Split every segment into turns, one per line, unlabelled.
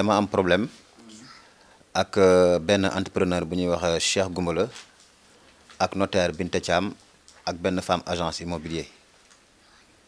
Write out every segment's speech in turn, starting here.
dama am problème ak euh, benn entrepreneur bu ñuy wax euh, Cheikh Goumbala ak notaire Binta Thiam ak benn femme agence immobilier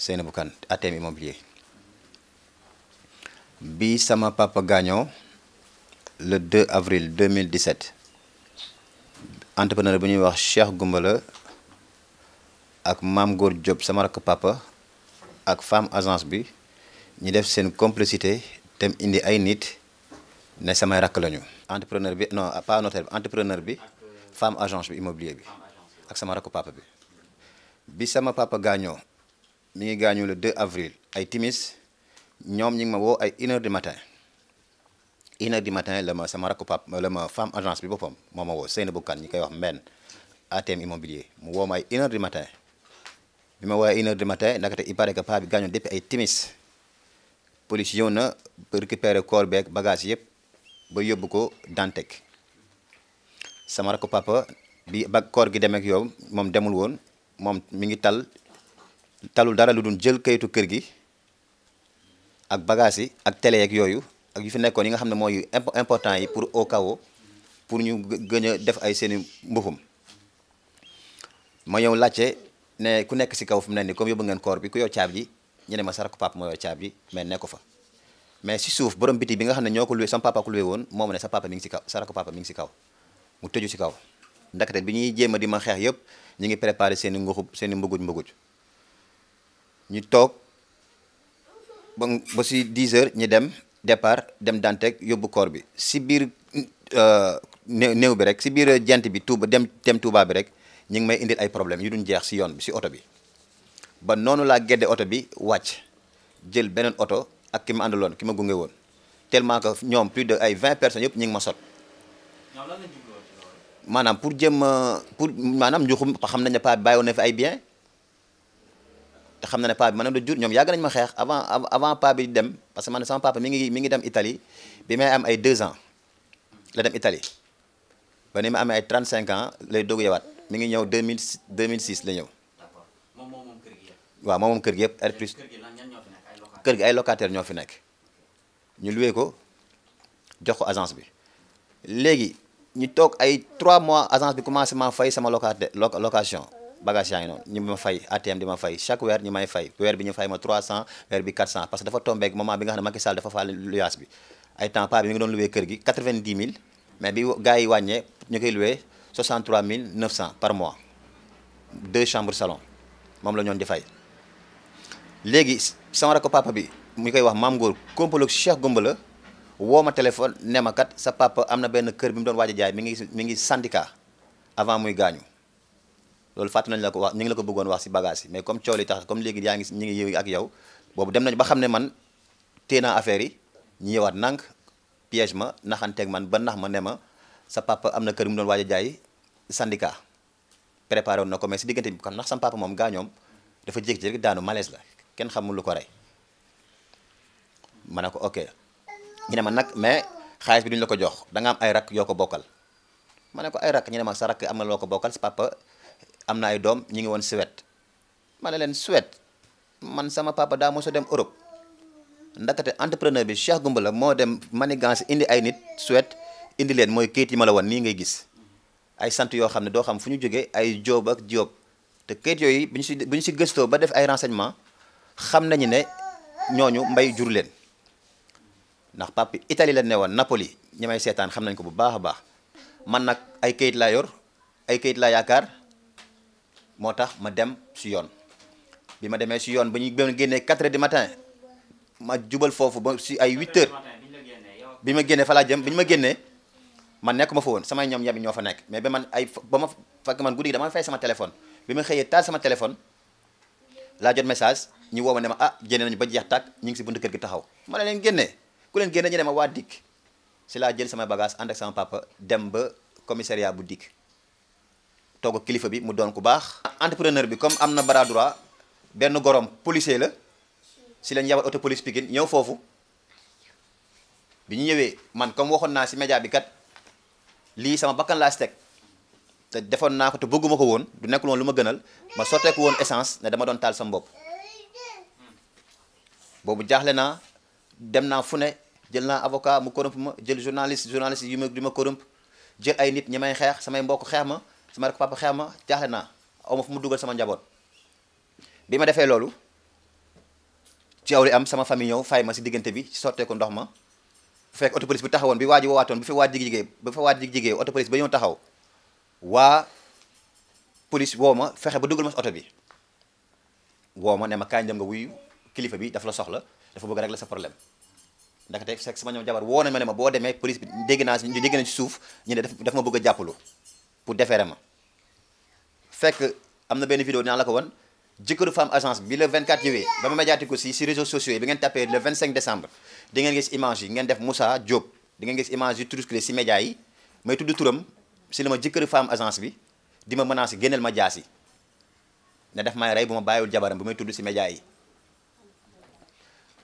Seynabou Kane ATM immobilier bi sama papa gaañoo le 2 avril 2017 entrepreneur bu ñuy wax Cheikh Goumbala ak Maam Góor Diop sama rakk papa ak femme agence bi ñu def seen complicité te indi ay nit ne samay rakk lañu entrepreneur bi non pas bi entrepreneur bi femme agence bi immobilier bi ak sama rakku papa bi bi sama papa gaañoo mi ngi gaañoo le 2 avril ay timis ñoom ñi ngi ma woo ay une heure du matin une heure du matin la ma sama rakku papa la ma femme agence bi boppam moo ma woo Seynabou Kane ñi koy wax mbenn ATM immobilier mu woo ma ay une heure du matin bi ma woowee une heure du matin ndaxte il paraît que paa bi gaañoo depuis ay timis police ñëw na récupérer corps beeg bagage yëpp ba yóbbu ko Dantec sama rakk papa bi ba corps gi demeek yow moom demul woon moom mi ngi tal talul dara lu dul jël kayitu kër gi ak bagage yi ak télé yooyu ak yu fi nekkoon yi nga xam ne mooy important yi pour o cas où pour ñu gën a def ay seeni mbuxum ma ñëw laajte ne ku nekk si kaw fu mu ne nii comme yóbbu ngeen koor bi ku yor caab ji ñu ne ma sarak papa moo yor caabi mais nekk ko fa mais si suuf borom biti bi nga xam ne ñoo ko luwee sama papa ko luwee woon moo ma ne sa papa mi ngi si kaw sarak papa mi ngi si kaw mu tëju si kaw ndakate bi ñuy jéem a di ma xeex yëpp ñu ngi préparé seen i seeni seen i mbuguj mbuguj ñu toog ba ba si 10 heures ñu dem départ dem Dantec yóbbu koor bi si biir euh, néew bi rek si biir jent bi Touba dem dem Touba bi rek ñu ngi may indi ay problème yu jeex si yoon bi si oto bi ba noonu laa gedde oto bi wàcc jël beneen oto ak ki ma àndaloon ki ma gunge woon tellement que ñoom plus de ay vingt personnes yëpp ñu ngi ma sot maanaam pour jëm pour maanaam njuxum xam nañ ne paa bi bàyyi woon na fi ay bien te xam na ne paa bi mën na la jur ñoom yàgg nañ ma xeex avant avant paa bi dem parce que man sama papa mi ngi mi ngi dem itali bi may am ay deux ans la dem itali ba ni ma am ay trente cinq ans lay doog yewaat mi ngi ñëw deux mille deux mille six la ñëw waaw moom kër gi yëpp R plus kër gi ay locataire ñoo fi nekk ñu luwee ko jox ko agence bi léegi ñu toog ay 3 mois agence bi commencé ma fay sama locataire location bagage yaa ngi noonu ñu ma fay ATM di ma fay chaque weer ñu may fay weer bi ñu fay ma 300 weer bi 400 parce que dafa tombé ak moment bi nga xam ne Macky Sall dafa faal luyaas bi ay temps pas bi mi ngi doon luwee kër gi 90000 mais bi gars yi par mois deux chambres salon moom la ñoon di fay. léegi sama ko papa bi mu koy wax maam Ngor kompaloog Cheikh Gumba la woo ma téléphone ne ma kat sa papa am na benn kër bi mu doon waaj a jaay mi ngi mi ngi syndicat avant muy gaañu loolu fàtte nañ la ko wax ñu la ko bëggoon wax si bagage yi mais comme coow li tax comme léegi ak yow boobu dem nañ ba xam ne man téye naa affaire yi ñu ñëwaat nànk naxanteeg man ba nax ma ne ma sa papa am na kër mu doon waaj a jaay syndicat préparé na ko mais si diggante bi kon ndax sama papa moom gaañoom dafa jékki-jékki daanu malees la kenn xamul lu ko rey ma ne ko ok ñu ma nag mais xaalis bi duñ la ko jox da nga am ay rakk yoo ko bokkal ma ne ko ay rakk ñu ne ma sa rakk am na loo ko bokkal sa papa am na ay doom ñu ngi woon Suède ma ne leen Suède man sama papa daa mos a dem Europe ndakate entrepreneur bi gumba la moo dem manigance indi ay nit Suède indi leen mooy kayit yi ma la woon nii ngay gis ay sant yoo xam ne doo xam fu ñu jógee ay Jóob ak Jóob te kayit yooyu bu si bu si gëstoo ba def ay renseignement xam nañu ne ñooñu mbay jur leen ndax papi Italie la ne woon Napoli ñu may seetaan xam nañ ko bu baax a baax man nag ay kayit laa yor ay kayit laa yaakaar moo tax ma dem si yoon bi ma demee si yoon ba ñu génnee 4 heures du matin ma jubal foofu ba si ay 8 heures bi ma génnee fa laa jëm bi ñu ma génnee man nekk ma fa woon samay ñoom ñabi ñoo fa nekk mais ba man ay ba ma fekk man guddi gi dama fay sama téléphone bi ma xëyee taal sama téléphone. laa jot message ñu woo ne ma ah génne nañu ba jeex tàkk ñu ngi si buntu kër gi taxaw ma ne leen génnee ku leen génne ñu ne ma waa dikk si laa jël sama bagage ànd ak sama papa dem ba commissariat bu dikk toog kilifa bi mu doon ku baax. entrepreneur bi comme am na bras benn gorom policier la si lañ yabal auto police Pikine ñëw foofu bi ñu ñëwee man comme waxoon naa si média bi kat lii sama bakkan laa si te defoon naa ko te bëgguma ko woon du nekkul woon lu ma gënal ma sotteeku woon essence ne dama doon taal sama bopp boobu jaaxle naa dem naa fu ne jël naa avocat mu corromp ma jël journaliste journaliste yu ma di ma corromp jël ay nit ñi may xeex samay mbokk xeex ma sama rek papa xeex ma jaaxle naa aw ma fu mu dugal sama njaboot bi ma defee loolu ci aw li am sama famille ñëw fay ma si diggante bi ci sotteeku ndox ma bu fekk autopolis bi taxawoon bi waa bi fi waa ba fa waa jig jigéey autopolis ba ñëw taxaw waa police woo ma fexe ba dugal ma si oto bi woo ma ne ma kañ dem nga wuyu kilifa bi dafa la soxla dafa bëgg rek la sa problème ndaxte fekk sama ñoom jabar woo nañ ma ne ma boo demee police bi dégg naa si ñu dégg nañ si suuf ñu ne dafa ma bëgg a jàppalu pour defeere ma fekk am na benn vidéo dinaa la ko won jëkkëru femme agence bi le 24 juillet ba ma médiatique ko si si réseaux sociaux yi bi ngeen tapé le 25 décembre di ngeen gis image yi ngeen def Moussa Diop di ngeen gis image yi tudd si média yi may tudd turam si la ma jëkkëru femme agence bi di ma menacé génneel ma jaas yi ne def may rey bu ma bàyyiwul jabaram bu may tudd si média yi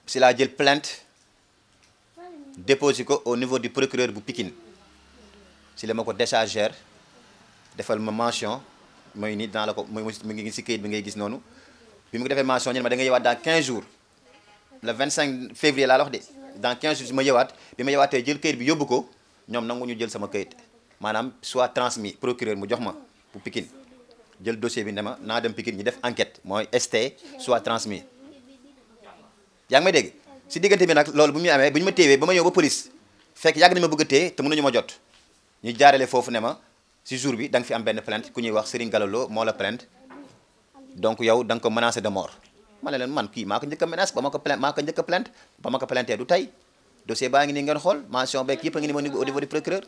si laa jël plainte déposé ko au niveau du procureur bu pikin si la ma ko déchargère defal ma mention mooy nii dans la ko mooy mu ngi si kayit bi ngay gis noonu bi mu defee mention ñu ma da nga yëwaat dans 15 jours le 25 février laa la wax de dans 15 jours si ma yëwaat bi ma yëwaatee jël kayit bi yóbbu ko ñoom nangu ñu jël sama kayit. maanaam soit transmis procureur mu jox ma bu Pikine jël dossier bi ne ma naa dem Pikine ñu def enquête mooy ST soit transmis yaa ngi may dégg si diggante bi nag loolu bu muy amee bu ñu ma téewee ba ma ñëw ba police fekk yàgg nañ ma a téye ma jot ñu jaarale foofu ne ma si jour bi da fi am benn ku ñuy wax Serigne Galalo moo la plainte donc yow da ko menacé de mort ma leen man kii maa ko njëkk a ba ma ko plainte ba ma ko plainte du tey dossier baa ngi nii ngeen xool mention beeg yëpp a ngi ni ma au niveau du procureur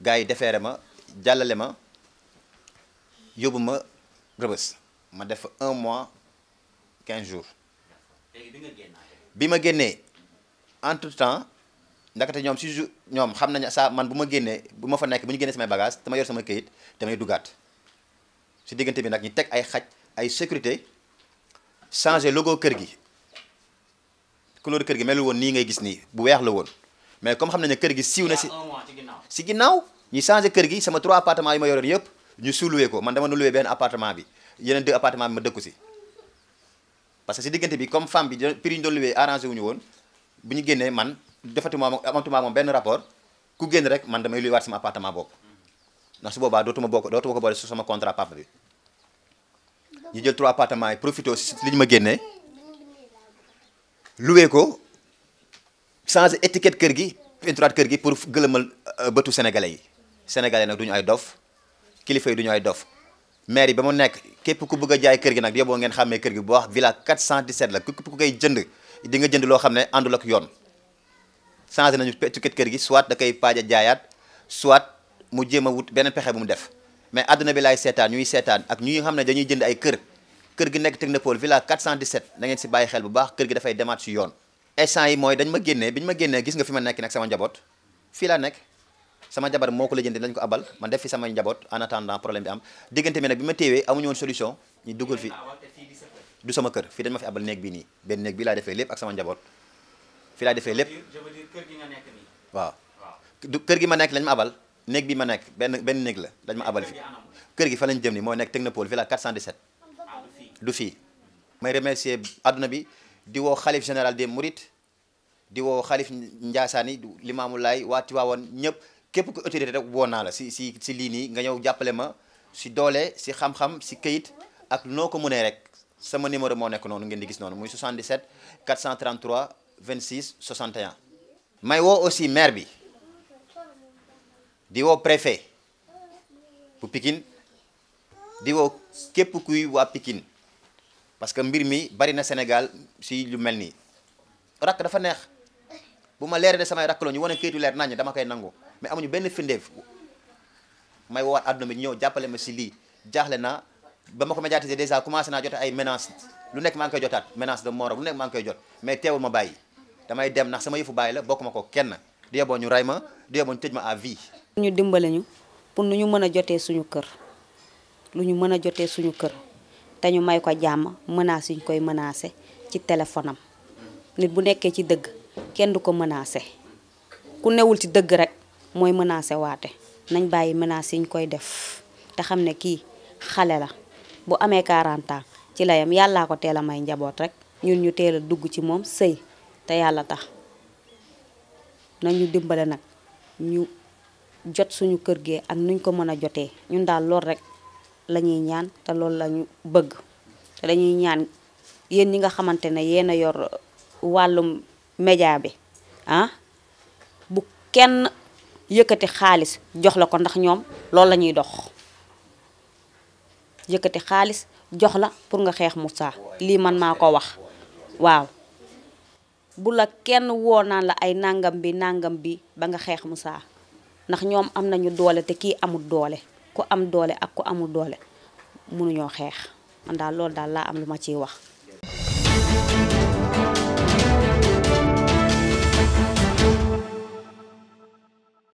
gars yi defeere ma jàllale ma yóbbu ma rëbës ma def un mois quinze jours bi ma génnee entre temps ndakate ñoom si jour ñoom xam nañ saa man bu ma génnee bu ma fa nekk bu ñu génnee samay bagage dama yor sama këyit damay duggaat si diggante bi nag ñu teg ay xaj ay sécurité changé logo kër gi couleur kër gi melul woon nii ngay gis nii bu weex la woon mais comme xam nañ ñu kër gi siiw na si si ginnaaw ñu kër gi sama trois appartement yi ma yoroon yëpp ñu souloué ko man dama nu loué benn appartement bi yeneen deux appartement bi ma dëkku si parce que si diggante bi comme femme bi prix ñu doon loué arrangé wuñu woon bu ñu génnee man defatuma moom benn rapport ku génn rek man damay luy waat sama appartement bopp ndax su boobaa dootuma bokk dootuma ko boole su sama contrat papa bi ñu jël trois appartement yi profité si li ma génnee loué ko changer étiquette kër gi pinturaat kër gi pour gëlëmal euh, bëtu sénégalais yi sénégalais nag du ñu ay dof kilifa yi du ñu ay dof maire yi ba mu nekk képp ku bëgg a jaay kër gi nag yoboo ngeen xàmmee kër gi bu wax villa 417 la képp ku koy jënd di nga jënd loo xam ne àndul ak yoon changé nañu étiquette kër gi soit da koy paaja jaayaat soit mu jéem a wut beneen pexe bu mu def mais àdduna bi laay seetaan ñuy seetaan ak ñi xam ne dañuy jënd ay kër kër gi nekk technopole villa 417 na ngeen si bàyyi xel bu baax kër gi dafay demaat si yoon essant yi mooy dañ ma génnee biñ ma génnee gis nga fi ma nekk nag sama njaboot fii laa nekk sama jabar moo ko la jënd lañ ko abal man def fi sama njaboot en attendant problème bi am diggante mi nag bi ma téewee amuñu woon solution ñu dugal fi du sama kër fii dañ ma fi abal néeg bii nii benn néeg bii laa defee lépp ak fii laa defee lépp waaw du kër gi ma nekk lañ ma abal néeg bi ma nekk benn benn néeg la lañ ma abal fi kër gi fa lañ jëm ni mooy nekk technopole villa 417 ah, du fii may remercier àdduna bi di woo xalif général des mourides di woo xalif Ndiassane yi limaamu laay waa Tiwaawan ñëpp képp ku autorité rek woo naa la si si si lii nii nga ñëw jàppale ma si doole si xam-xam si kayit ak noo ko mënee rek sama numéro moo nekk noonu ngeen di gis noonu muy 77 433 26 61. may wo aussi maire bi di woo préfet bu Pikine di képp kuy waa Pikine parce que mbir mi bari na Sénégal si lu mel nii rakk dafa neex. bu ma leeree ne samay rakk la ñu wane kayitu leer naññ dama koy nangu mais amuñu benn findeef may woowaat àdduna bi ñëw jàppale ma si lii jaaxle naa ba ma ko médiatiser dèjà commencé naa jot ay menaces lu nekk maa koy jotaat menace de mort lu nekk maa koy jot mais teewul ma bàyyi damay dem nax sama yëfu bàyyi la bokk ma ko kenn du yeboo ñu rey ma du yeboo ñu tëj ma à vie.
ñu dimbale ñu pour nu ñu mën a jotee suñu kër lu ñu mën a jotee suñu kër te ñu may ko jàmm menaces yi ñu koy menacé ci téléphone am nit bu nekkee ci dëgg. kenn du ko menacé ku newul ci dëgg rek mooy menacé waate nañ bàyyi menaces yi ñu koy def te xam ne kii xale la bu amee 40 ci layam yam yàllaa ko teel a may njaboot rek ñun ñu teel a dugg ci moom sëy te yàlla tax nañu dimbale nag ñu jot suñu kër gee ak nuñ ko mën a jotee ñun daal lool rek lañuy ñaan te loolu lañu bëgg te dañuy ñaan yéen ñi nga xamante ne yéen yor wàllum média bi ah bu kenn yëkkati xaalis jox la ko ndax ñoom loolu la ñuy dox yëkkati xaalis jox la pour nga xeex Moussa lii man maa ko wax waaw bu la kenn woo naan la ay nangam bi nangam bi ba nga xeex Moussa ndax ñoom am nañu doole te kii amul doole ku am doole ak ku amul doole mënuñoo xeex man daal loolu daal laa am lu ma ciy wax